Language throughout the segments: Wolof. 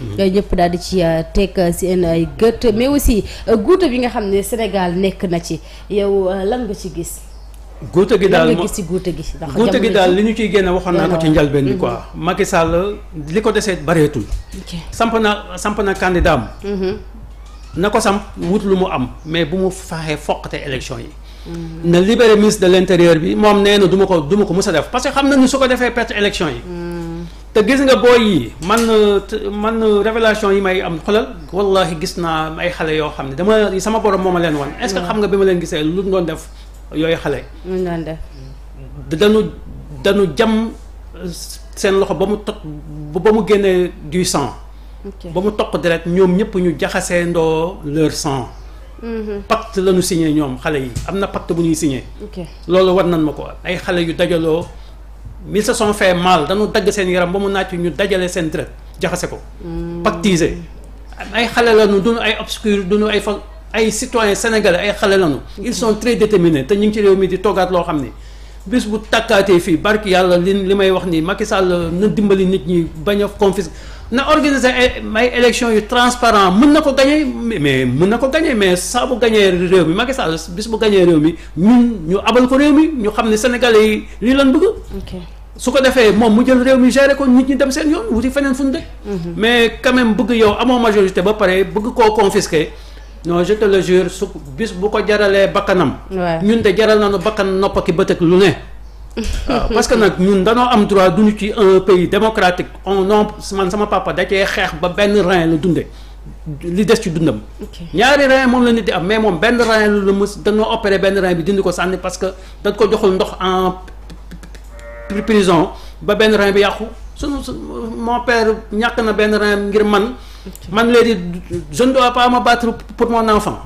ñëpp daal di ci euh, teg euh, seen ay gët mais aussi euh, guuta bi nga xam ne Sénégal nekk na ci yow lan nga ci gis. guuta gi daal nga gis ci guuta gi. ndax gi daal li ñu ciy génne waxoon naa ko ci njëlbeen bi mhm. quoi. Macky Sall li ko desee bareetul. samp na samp na candidat am. Mhm. na ko samp wut lu mu am mais bu mu faaxee foqate élection yi. Mhm. na libéré ministre de l' intérieur bi moom nee na du ko du ma ko mës a def parce xam na ni su ko defee perte élection yi. te gis nga booy yi man man révélation yi may am xolal wallahi gis naa ay xale yoo xam ne dama sama borom moo ma leen wan. est-ce que xam nga bi ma leen gisee lu doon def yooyu xale. lu doon def. dañu dañu jam seen loxo ba mu tot ba mu génnee du sang. ba mu toq deret ñoom ñëpp ñu jaxasee ndoo leur sang. Mm-hmm. pacte la ñu signé ñoom xale yi am na pacte bu ñuy signé. loolu war nan ma ko ay xale yu dajaloo. ils se sont fait mal dañu dagg seen yaram ba mu naaj ñu dajale seen dërët jaxase ko. Hmm. pactiser ay xale lañu duñu ay du nu ay fa ay citoyens sénégalais ay xale lañu. ils son très déterminés te ñu ngi ci réew mi di toggaat loo xam ni bis bu takkaatee fii bark yàlla li li may wax nii Macky Sall na dimbali nit ñi bañ a confisquer. na organise ay élection yu transparent mën na ko gañee mais mun na ko gañee mais saa bu gañee réew mi Macky Sall bis bu gañee réew mi ñun ñu abal ko réew mi ñu xam ne sénégalais yi lii leen bëgg su ko defee moom mu jël réew mi géré ko nit ñi dem seen yoon wuti feneen fu ñu dëkk mhm. mais quand bëgg yow amoo majorité ba pare bëgg koo confisquer non je te le jure su bis bu ko jaralee bakkanam ñun de jaral nañu bakkan nopp ki bët ak lu ne waaw euh, parce que nag ñun danoo am droit duñu ci un pays démocratique on non man sama papa da cee xeex ba benn rein la dunde li des ci dundam. ñaari rein moom la nit di am mais moom benn rein la mës danoo opéré benn rein bi dindi ko sànni parce que dañ ko joxul ndox en prison ba benn rein bi yàqu su mon père ñàkk na benn rein ngir man. man léegi je ne a pas me battre pour mon enfant.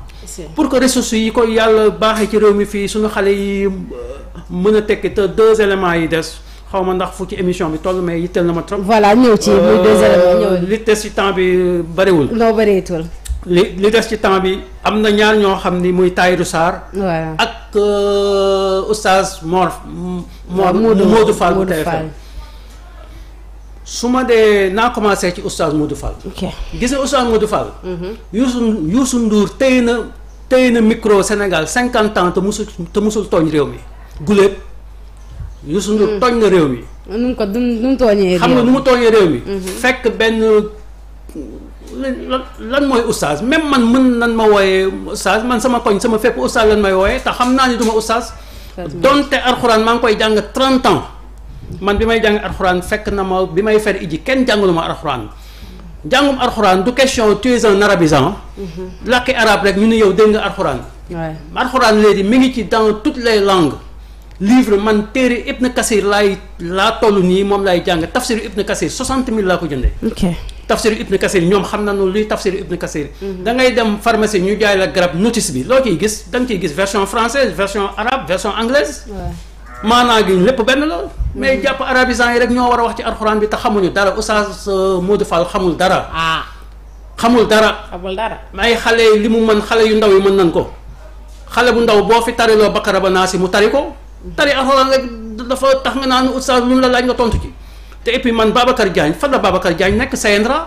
pour que ressources yi ko yàlla baaxee ci réew mi fii suñu xale yi euh, mën a tekki te deux éléments yi des xaw ma ndax fu ci émission bi toll mais yitteel na ma trop. voilà ñëw ci muy deux euh, éléments ñëw li des ci temps bi bëriwul. loo bëreetul. li li des ci temps bi am na ñaar ñoo xam ni muy Tahirou Sarr. ak euh, oustaz Mor. Mor Modou Fall bu TFM su ma dee naa commencé ci oustaz Modou Fall. ok gis nga oustaz Modou Fall. Mhm. Youssou nduur Ndour na tey na micro Sénégal cinquante ans te musul te musul tooñ réew mi. Guléeb Youssou Ndour mm. tooñ na réew mi. nu ko nu mu xam nga nu mu tooñee réew mi. Mhm. fekk benn lan mooy oustaz même man mën nan ma wooyee oustaz man sama koñ sama fekk oustaz lan may wooyee te xam naa ni du ma donte alxuraan maa ngi koy jàng trente ans. man bi may jàng alxuraan fekk na ma bi may fer iji kenn jàngalu ma alxuraan jàngum alxuraan du question tu es un arabisant mhm. làkki arab rek ñu ne yow dégg nga alxuraan alxuraan léegi mi ngi ci dans toutes les langues livre man téere Ibn Kasir laay laa toll nii moom laay jàng tafsiru Ibn Kasir 60000 laa ko jëndee. ok tafsiru Kasir ñoom xam nañu luy tafsiru Ibn Kasir. Mhm. da ngay dem pharmacie ñu jaay la garab notice bi loo ciy gis da nga ciy gis version française version arabe version anglaise. maanaa gi lépp benn la. mais jàpp arabisants yi rek ñoo war a wax ci alxuraan bi te xamuñu dara oustaz euh, Modou Fall xamul dara. Ah. xamul dara. xamul dara ay xale yi li mu mën xale yu ndaw yi mën nañ ko xale bu ndaw boo fi tariloo Bakara ba naa si mu tari ko. tari alxuraan rek dafa tax nga naan oustaz lu mu la laaj nga tontu ci. te et puis man Babacar Diagne fan la Babacar Diagne nekk CNRA.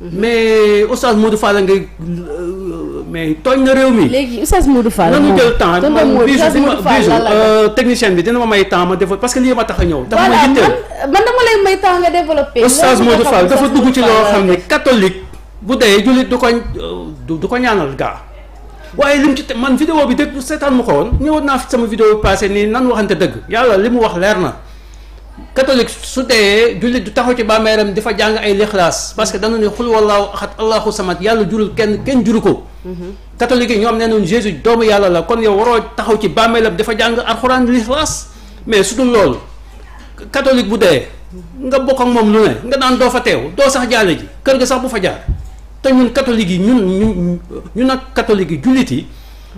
Mhm. mais oustaz Modou Fall ngay. Euh, mais tooñ na réew mi. léegi Oustaz Modou Fall. moom tonton Modou Oustaz Modou Fall lan euh, technicien bi dina ma may temps ma développé parce que lii ma tax a ñëw. dafa ma yitteel man man dama lay may temps nga développé. Oustaz Modou Fall dafa dugg ci loo xam ne catholique. bu dee jullit du ko euh, du ko ñaanal gaa waaye lim ci man vidéo bi dëgg seetaan ma ko woon ñëwoon naa fi sama vidéo bi passé nii nan waxante dëgg yàlla li mu wax leer na. catholique su dee jullit du taxaw ci bàmmeeram di fa jàng ay lixlaas parce que dañu ne xul wallaahu axad allahu samad yàlla jurul kenn kenn juru ko mhm. catholique yi ñoom nee nañu Jésus doomu yàlla la kon yow waroo taxaw ci bàmmeelam dafa jàng alxuraan lixlaas mais su dul loolu catholique bu dee nga bokk ak moom lu ne nga naan doo fa teew doo sax jaale ji kër gi sax bu fa jaar te ñun catholique yi ñun ñu ñu nag yi jullit yi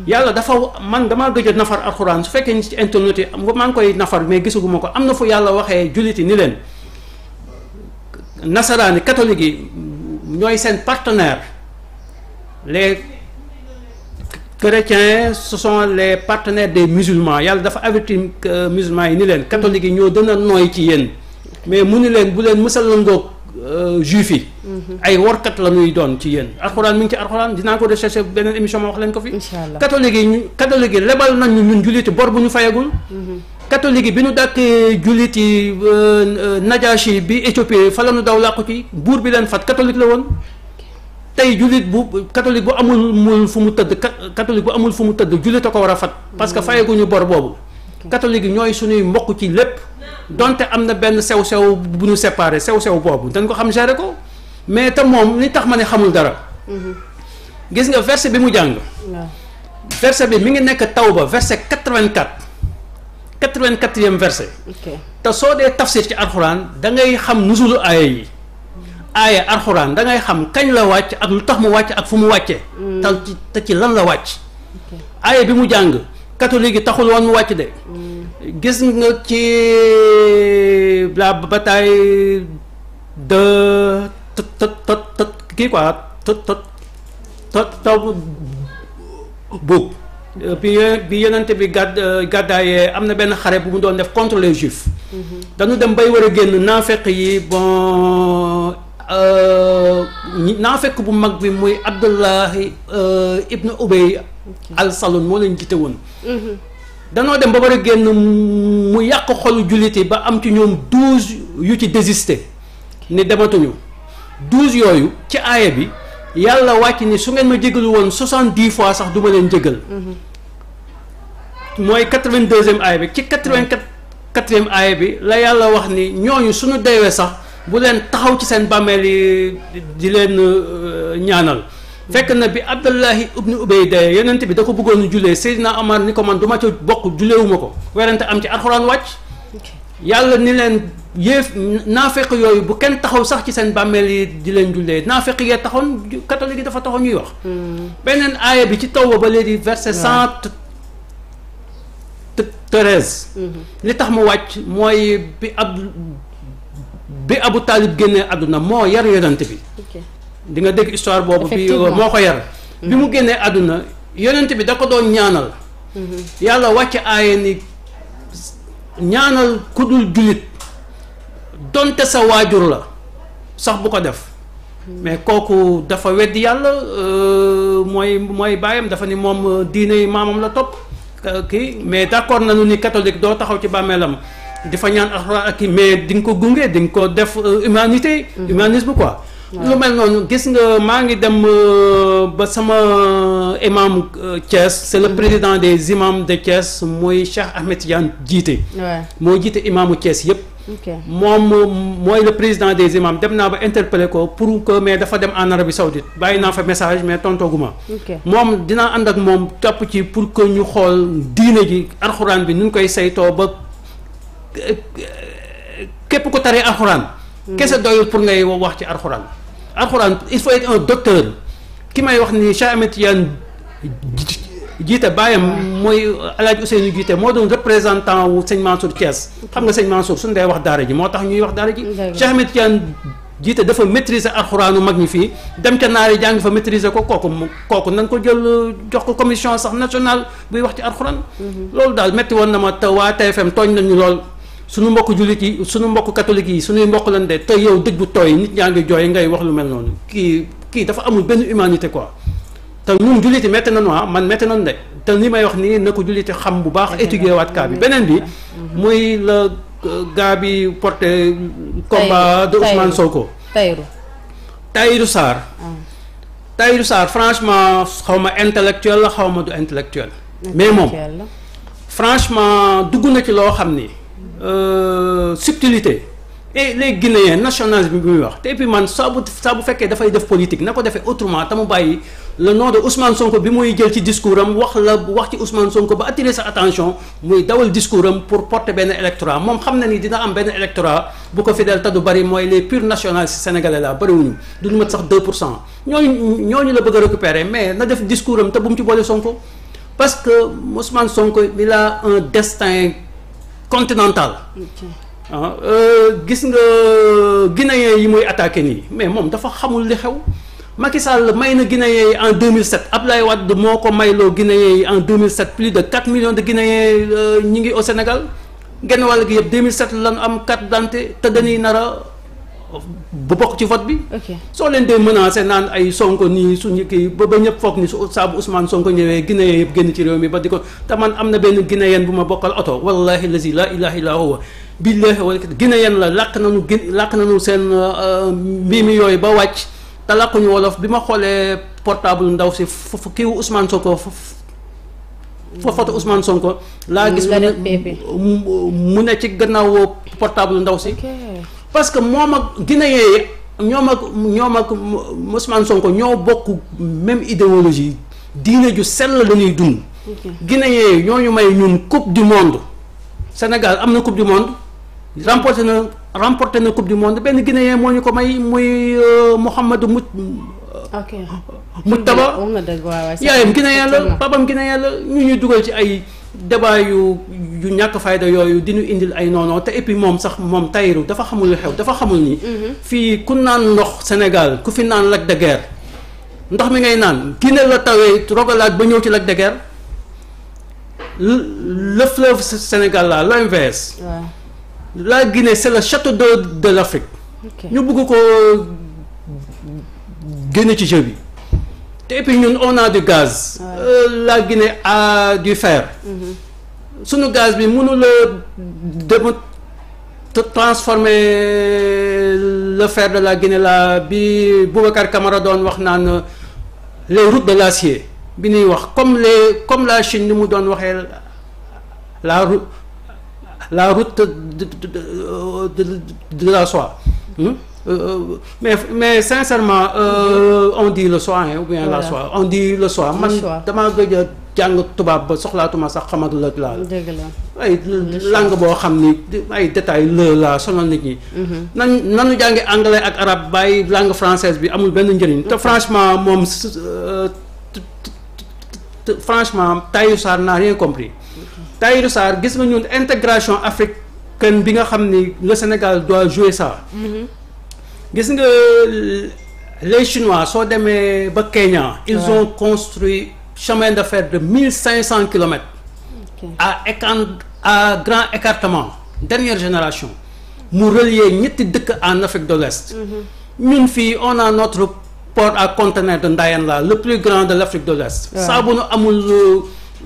yàlla dafa man damaa gëj a nafar alxuraan su fekkee ni ci internet yi maa ngi koy nafar mais gisaguma ko am na fu yàlla waxee julliti ni leen nasaraani catholique yi ñooy seen partenaire les chrétiens ce sont les partenaires des yàlla dafa avertir euh, musulmans yi ni leen catholique yi ñoo gën a nooy ci yéen mais mu ni leen bu leen mësalandoog Euh, juif yi mhm. ay warkat la ñuy doon ci yéen alxuraan mi ngi ci alxuraan dinaa ko recherché beneen émission ma wax leen ko fi catholique yi ñu catholique yi lebal nañu ñun jullit bor bu ñu fayagul mhm. catholique yi bi ñu dàkkee jullit yi euh, euh, najashi bi Éthiopie fa la ñu daw làqu ci buur bi leen fat catholique la woon tey jullit bu catholique bu amul fu mu tëdd catholique bu amul fu mu tëdd jullit a ko war a fat parce que mhm. fayaguñu bor boobu catholique yi ñooy suñuy mbokk ci lépp donte am na benn sew-sew bu nu séparé sew-sew boobu dañ ko xam gérer ko mais te moom li tax ma ne xamul dara mm-hmm. gis nga verset bi mu jàng verset bi mi ngi nekk taw Tawba verset 84 84e verset te soo dee tafsir ci alxuraan da ngay xam nuzulu aaya yi aaye alxuraan da ngay xam kañ la wàcc ak lu tax mu wàcc ak fu mu wàccee mm. te ci lan la wàcc aaya bi mu jàng catholique yi taxul woon mu wàcc de. gis nga ci la bataille de tot tot tot tot kii quoi tot tot tot taw buub bi bi yonent bi gàdd gàddaayee am na benn xare bu mu doon def contre les juifs. Mhm. dañu dem bay war a génn naafeq yi bon euh, naafeq bu mag bi muy Abdullahi euh, Ibn Ubay al saloon moo leen jiite woon. Mhm. danoo dem ba war a génn mu yàq xolu jullit yi ba am ci ñoom douze yu ci désister ne dematuñu douze yooyu ci aaya bi yàlla wàcc ni su ngeen ma jégalu woon soixante dix fois sax duma leen jégal. Mhm. mooy quatre vingt deuxième aaya bi ci quatre vingt quatrième aaya bi la yàlla wax ni ñooñu suñu deewee sax bu leen taxaw ci seen bàmmeel yi di leen euh, ñaanal. fekk na bi Abdullahi ibnu Ubayda yonent bi da ko bëggoon jullee Seydina Omar ni ko man du ma ca bokk julleewuma ko werante am ci alxuraan wàcc yàlla ni leen yéef naafeq yooyu bu kenn taxaw sax ci seen bàmmeel yi di leen jullee naafeq yee taxoon catholique yi dafa taxoon ñuy wax hmm. beneen aaya bi ci taw ba léegi verset cent treize hmm. li tax mu wàcc mooy bi ab bi Abu Taalib génnee àdduna moo yar yonent bi di nga dégg histoire boobu bi moo ko yar mm-hmm. bi mu génnee àdduna yonent bi da ko doon ñaanal mm-hmm. yàlla wàcc aaye ni ñaanal ku dul jullit donte sa waajur la sax bu ko def mm-hmm. mais kooku dafa weddi yàlla euh, mooy mooy baayam dafa ni moom euh, diine yi maamam la topp kii mais d'accord nañu ni catholique doo taxaw ci bàmmeelam di fa ñaan ak mais di nga ko gunge di nga ko def euh, humanité humanisme quoi lu mel noonu gis nga maa ngi dem euh, ba sama euh, imam euh, Thiès c' est le mm-hmm. président des imams de Thiès mooy Cheikh Ahmed Tidiane jiite. moo jiite imaamu Thiès yëpp. moom mooy le président des imams dem naa ba interpeller ko pour que mais dafa dem en Arabie Saoudite bàyyi naa fa message mais tontooguma moom dinaa ànd ak moom topp ci pour que ñu xool diine ji alxuraan bi nu ñu koy saytoo ba képp ko taree alxuraan. Mm-hmm. kese doyul pour ngay wax ci alxuraan. alxuraan il faut être un docteur ki may wax ni Cheikh Ahmed Tidiane jiite bàyyam mooy El u Ousseynou jiite moo doon représentant wu sëñ Mansour Thiès xam nga sëñ Mansour suñu day wax daara ji moo tax ñuy wax daara ji. Cheikh Ahmed Tidiane jiite dafa maîtriser alxuraanu mag ñi fii dem ca naar yi jàng fa maîtriser ko kooku kooku na ko jël jox ko commission sax nationale buy wax ci alxuraan. Mhm. loolu daal métti woon na ma te waa TFM tooñ nañu lool. suñu mbokk jullit yi suñu mbokk catholique yi suñuy mbokk lan de tey yow dëj bu tooy nit ñaa ngi jooy ngay wax lu mel noonu kii kii dafa amul benn humanité quoi te ñun jullit yi métti nañu ah man métti nañu de te li may wax nii na ko jullit yi xam bu baax étudier waat kaa bi beneen bi mhm. muy la euh, gars bi porté combat de Ousmane ko Tahirou Tahirou Sarr ah. Tahirou Sarr franchement xaw ma intellectuel la xaw ma du intellectuel mais moom franchement dugg na ci loo xam ni Euh, subtilité e les Guinéens nationale bi muy wax te et puis man saa bu saa bu fekkee dafay def politique na ko defee autrement te mu bàyyi la nom de Ousmane Sonko bi muy jël ci discours am wax la wax ci Ousmane Sonko ba attirer sa attention muy dawal discours am pour porter benn électorat moom xam na ni dina am benn électorat bu ko fi fidèle te du bari mooy les purs nationalistes sénégalais la bariwuñu duñu mat sax 2 pour cent ñooñu ñooñu la bëgg a récupérer mais na def discours te bu mu ci boole Sonko parce que Ousmane Sonko il a un destin. continentale. ah euh, gis nga guinéen yi muy attaqué nii mais moom dafa xamul li xew. Macky Sall may na guinéen yi en 2007 Abdoulaye Wade moo ko mayloo guinéen yi en 2007 plus de 4 millions de guinéens euh, ñu ngi au Sénégal genn wàll gi yëpp 2007 lan am carte d'identité te dañuy nar ba bokk ci vote bi. soo leen dee menacé naan ay Sonko nii suñu kii ba ba ñëpp foog ni su saabu Ousmane Sonko ñëwee Guinéen yëpp génn ci réew mi ba di ko te man am na benn Guinéen bu ma bokkal oto wallahi lazi la ilaha illa huwa billahi wala Guinéen la làkk nañu gin làkk nañu seen euh, mbiimi yooyu ba wàcc te làkkuñu wolof bi ma xoolee portable ndaw si fu kii Ousmane Sonko fa foto Ousmane Sonko. laa gis mu ne mu ne ci gannaaw portable ndaw si. parce que moom ak guinéen yi ñoom ak ñoom ak Ousmane Sonko ñoo bokk même idéologie diine ju sell la ñuy dund. guinéen yi ñoo ñu may ñun coupe du monde. Sénégal am na coupe du monde remporté na remporté na coupe du monde benn guinéen moo ñu ko may muy euh, Mouhamadou Mout. Euh, ok Moutaba yaayam guinéen la papam guinéen la ñu ñuy dugal ci ay. débat yu yu ñàkk fayda yooyu dinu indil ay noonoo te et moom sax moom Tahirou dafa xamul xew dafa xamul ni. Mhm. fii ku naan ndox Sénégal ku fi naan Lac de Guiers ndox mi ngay naan Guinée la tawee rogalaat ba ñëw ci Lac de Guiers le fleuve Sénégal la l'OMVS. la Guinée c'est le château d'eau de l'Afrique. ñu bëgg ko génne ci jeu bi. te et puis ñun on a du gaz. Ouais. Euh, la Guinée a du fer. Mhm. sunu gaz bi mënula dem transformer le fer de la Guinée la bi Boubacar Camara doon wax naan les routes de l'acier bi ñuy wax comme les comme la Chine ni mu doon waxee la route la route de la soie. Hmm? Euh, euh, mais mais sincèrement euh, euh, on dit le soir hein, la soir on dit le soir man damaa gëj a jàng tubaab ba soxlaatuma sax xam la lëg laa ay langue boo xam ni ay détails lë laa sonal nit ñi mhm. nan nanu jàngi anglais ak arabe bàyyi langue francaise bi amul benn njëriñ te franchement moom franchement Tahirou Sarr n'a rien compris Tahirou Sarr gis nga ñun intégration africaine bi nga xam ni le Sénégal doit jouer ça mhm. gis nga les chinois soo demee ba Kenya. ils ouais. ont construit chemin de fer de mille cinq cent kilomètres. à écan à grand écartement dernière génération mu relier ñetti dëkk en Afrique de l'Ouest mhm. ñun fii on a notre port à conteneur de Ndayane la le plus grand de l'Afrique de l'Ouest saa bu nu amul euh,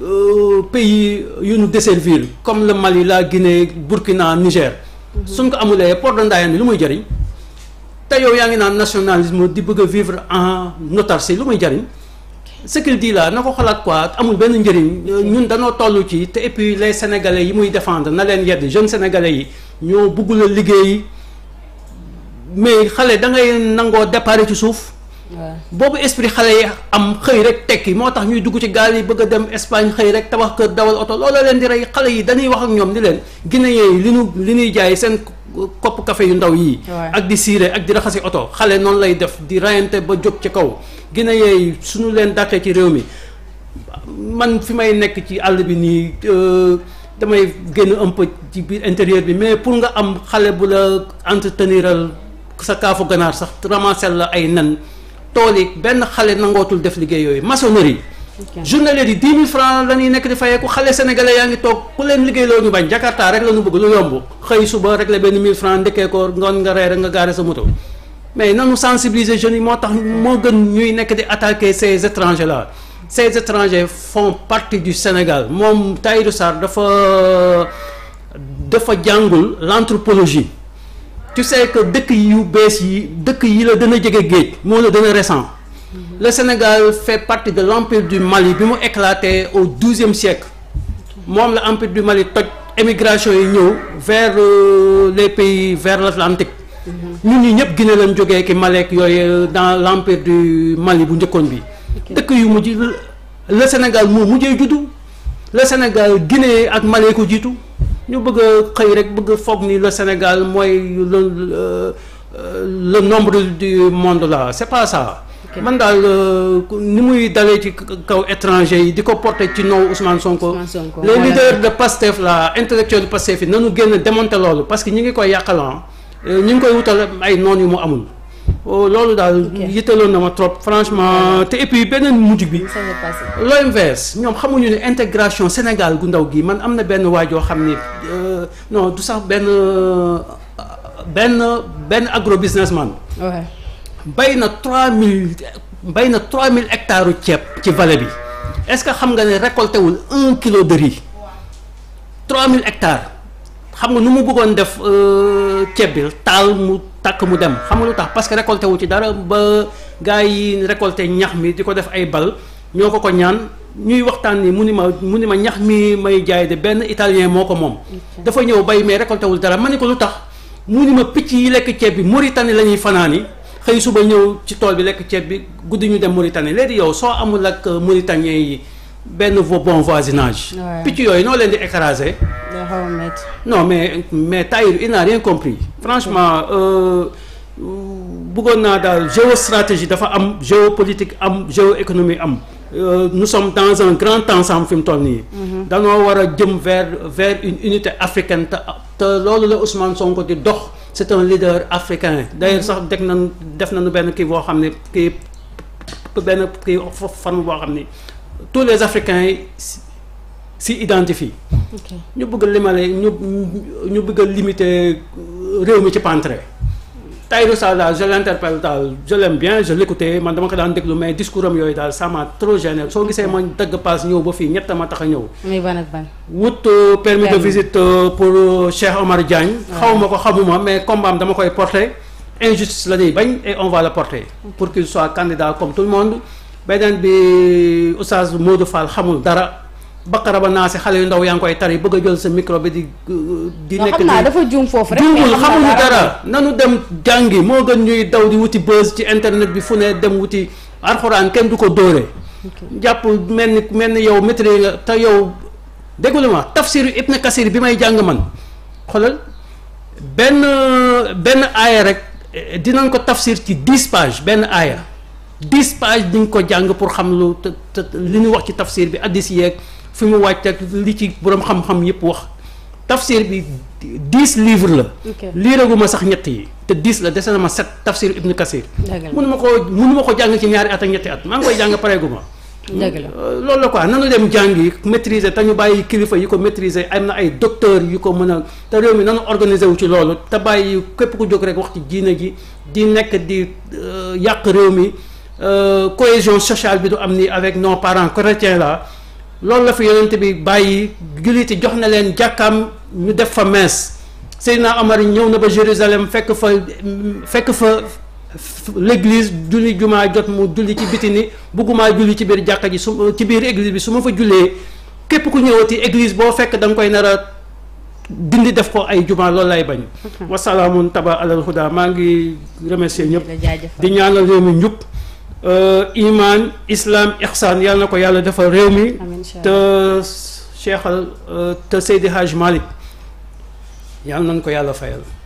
euh, pays yu nu desservir comme le Mali la Guinée Burkina Niger mhm. suñ ko amulee port de Ndayane bi lu muy jëriñ te yow yaa ngi naan nationalisme di bëgg a vivre en autarcie lu muy jariñ ce qu'il dit na ko xalaat quoi amul benn njëriñ ñun danoo toll ci te et puis les yi muy défendre na leen yedd jeunes sénégalais yi ñoo bëggul a liggéey mais xale da nangoo départ ci suuf. boobu esprit xale yi am xëy rek tekki moo tax ñuy dugg ci gaal yi bëgg dem Espagne xëy rek tabax kër dawal oto looloo leen di rey xale yi dañuy wax ak ñoom ni leen Guinéen yi li ñu li ñuy jaay seen. kopp kafe yu ndaw yi ak di siire ak di raxasi oto xale noonu lay def di rayante ba jóg ci kaw gina yeey suñu leen dàqee ci réew mi man fi may nekk ci àll bi nii euh, damay génn un peu ci biir intérieur bi mais pour nga am xale bu la entreteniral sa kaafu ganaar sax ramasel la ay nen tool yi benn xale nangootul def liggéey yooyu maçonnerie journaliers yi dix mille francs la ñuy nekk di fayeeku xale sénégalais yaa ngi toog ku leen liggéey loo ñu bañ jakarta rek la ñu bëgg lu yomb xëy suba rek la benn mille francs ndekkee ko ngoon nga reer nga gaare sa moto mais nanu sensibiliser jeunes yi moo tax moo gën ñuy nekk di attaquer ces étrangers la ces étrangers font partie du Sénégal moom Tahirou sar dafa dafa jàngul l'anthropologie tu sais que dëkk yu bees yi dëkk yi la dana jege géej moo la dana récent Mhm. le Sénégal fait partie de l'empire du Mali bi mu éclaté au douzième siècle moom la empire du Mali toj émigration yi ñëw vers euh, les pays vers l'Atlantique mhm. ñun ñu ñëpp Guinée lañ jógee ki Malek yooyu euh, dans l'empire du Mali bu njëkkoon bi dëkk yu mujj le Sénégal moo mujjee juddu le Sénégal Guinée ak Mali ko jiitu ñu bëgg xëy rek bëgg foog nii le Sénégal mooy le le euh, nombre du monde la c'est pas ça man daal euh, ni muy dawee ci kaw étranger yi di ko porte ci noonu Ousmane Sonko. les leaders de Pastef la intellectuel de Pastef yi nanu génn démonter loolu parce que ñi ngi koy yàqalan ah. euh, ñi ngi koy wutal ay noon yu mu amul oh, loolu daal yittaloon na ma trop franchement te et puis beneen mujj bi l'OMVS ñoom xamuñu ne intégration Sénégal gu ndaw gi man am na benn waay joo xam ni euh, non du sax benn benn benn agro businessman bay na trois mille bay na trois mille hectares ceeb ci vallée bi est-ce que xam nga ne récolté wul un kilo de riz trois mille hectares xam nga nu mu bëggoon def euh, ceeb bi taal mu tàkk mu dem xam nga lu tax parce que récolté wu ci dara ba gars yi récolté ñax mi di ko def ay bal ñoo ko ko ñaan ñuy waxtaan ni mu ni ma mu ni ma ñax mi may jaay de benn italien moo ko moom. dafa ñëw bay mais récolté wul dara ma ni ko lu tax mu ni ma picc yi lekk ceeb bi Mauritanie la ñuy fanaani xëy suba ñëw ci tool bi lekk ceeb bi guddi ñu dem Mauritanie léegi yow soo amul ak euh, Mauritaniens yi benn bon voisinage. picc yooyu noo leen di écraser. no mais mais Tahirou il n'a rien compris franchement. Euh, bëggoon naa daal géostratégie dafa am géopolitique am géoéconomie am euh, nous sommes dans un grand ensemble fi mu toll nii. Mhm. danoo war a jëm vers une unité africaine te loolu la Ousmane Sonko di dox. c'est un leader africain d'ailleurs sax deg nañu def nañu benn kii boo xam ne kii benn kii forme boo xam ne tous les africains yi s'y identifient ñu bëgg limale ñu ñu bëgg a réew mi ci pantre Tahirou Sarr daal je l'interpelle daal je l'aime man dama ko daan déglu mais discours am yooyu daal ça m'a trop gêné soo gisee ma dagg paas ñëw ba fii ñett ma tax a ñëw. muy ban ak ban. wut euh, permis de visite euh, pour euh, Cheikh Omar Diagne. xaw ko xamuma mais combat dama koy porter injustice la ñuy bañ et on va le porter. pour qu'il soit candidat comme tout le monde beneen bi Oustaz Modou Fall xamul dara. baqara ba xale yu ndaw yaa ngi koy tari bëgg a jël sa micro bi di. di nekk nii dafa juum foofu rek. juumul xamuñu dara nanu dem jàngi moo gën ñuy daw di wuti buzz ci internet bi fu ne dem wuti arxuraan kenn du ko dóore. jàpp mel ni mel ni yow maîtrise nga te yow déglu ma tafsiru na Kasir bi may jàng man xoolal benn benn aaya rek eh, dinañ ko tafsir ci dix benn aaya. dix pages di nga ko jàng pour xam lu te te li ñu wax ci tafsir bi addis yeeg fi mu wàcc ak li ci boroom xam-xam yépp wax tafsir bi dix livres la. liiraguma sax ñett yi. te dix la dese na ma sept tafsir ibnu kasir. mënuma ko mënuma ko jàng ci ñaari at ak ñetti at maa ngi koy jàng pareeguma. dëgg la euh, loolu la quoi nanu dem jàngi maîtriser te ñu bàyyi kilifa yi ko maîtriser am na ay docteurs yu ko mën a te réew mi nanu organiser wu ci loolu te bàyyi képp ko jóg rek wax ci diine ji di nekk di euh, yàq réew mi. Euh, cohésion sociale bi du am ni avec nos parents chrétiens la loolu la fi yonent bi bàyyi julliti jox na leen jàkkaam ñu def fa mees Seydina amari ñëw na ba Jérusalem fekk fa fekk fa l'église julli jumaa jot mu julli ci biti ni bëggumaa julli ci biir jàkka ji su ci biir église bi su ma fa jullee képp ku ñëwati église boo fekk da nga koy nar dindi def ko ay juma loolu lay bañ wasalaamun taba alal huda maa ngi remercier ñëpp di ñaanal réew mi njub Euh, imaan islam ixsaan yal na ko yàlla dafa réew mi te Cheikh euh, te Seydi Hajj Malick yàlla nañ ko yàlla fayal